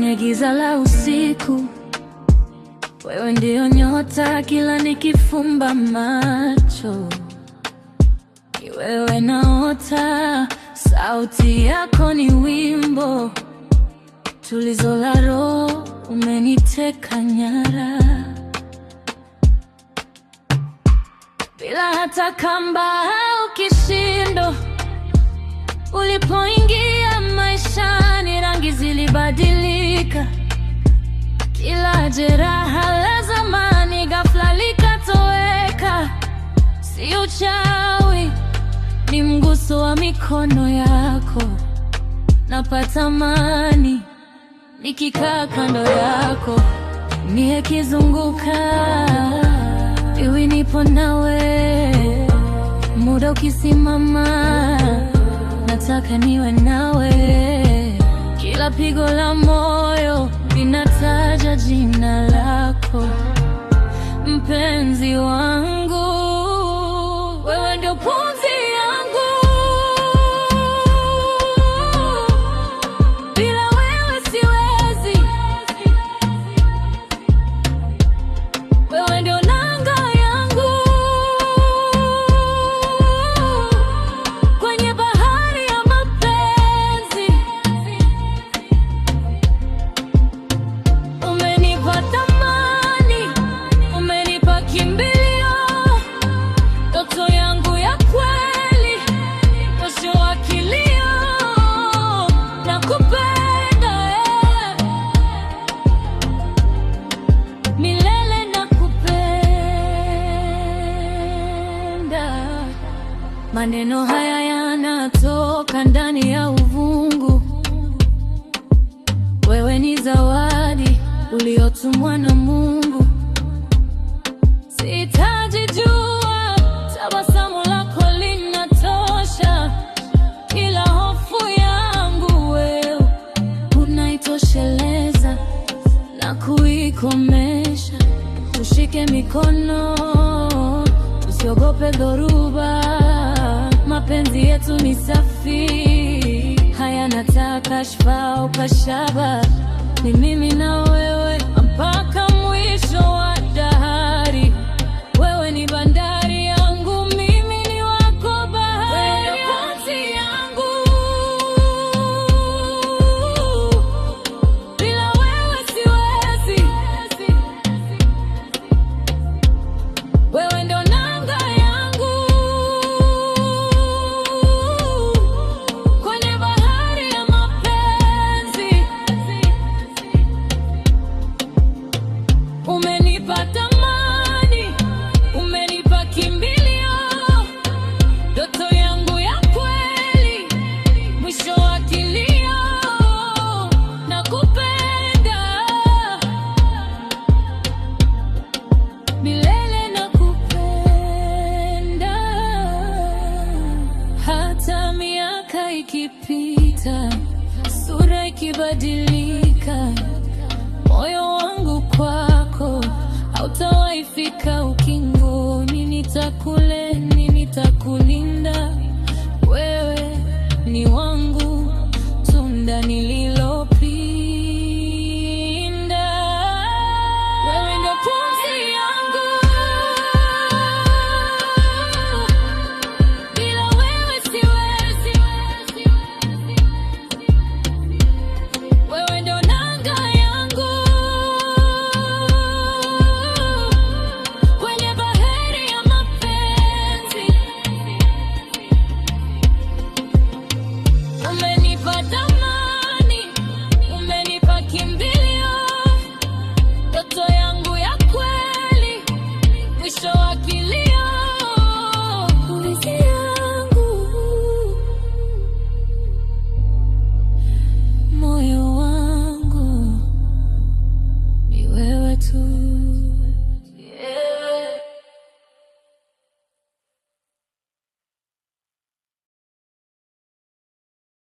kwenye giza la usiku, wewe ndio nyota kila nikifumba macho, ni wewe naota. Sauti yako ni wimbo, tulizo la roho, umeniteka nyara bila hata kamba au kishindo. Ulipoingia maishani, rangi zilibadilika kufika. kila jeraha la zamani ghafla likatoweka. Si uchawi, ni mguso wa mikono yako. Napata amani nikikaa kando yako, ni kizunguka iwi, nipo nawe muda ukisimama, nataka niwe nawe kila pigo la moyo linataja jina la Maneno haya yanatoka ndani ya uvungu. Wewe ni zawadi uliotumwa na Mungu. Sitaji jua, tabasamu lako linatosha. Kila hofu yangu wewe unaitosheleza na kuikomesha. Tushike mikono, tusiogope dhoruba mapenzi yetu ni safi, hayana taa, kashfa au kashaba, ni mimi na wewe. ikipita, sura ikibadilika, moyo wangu kwako hautawaifika ukinga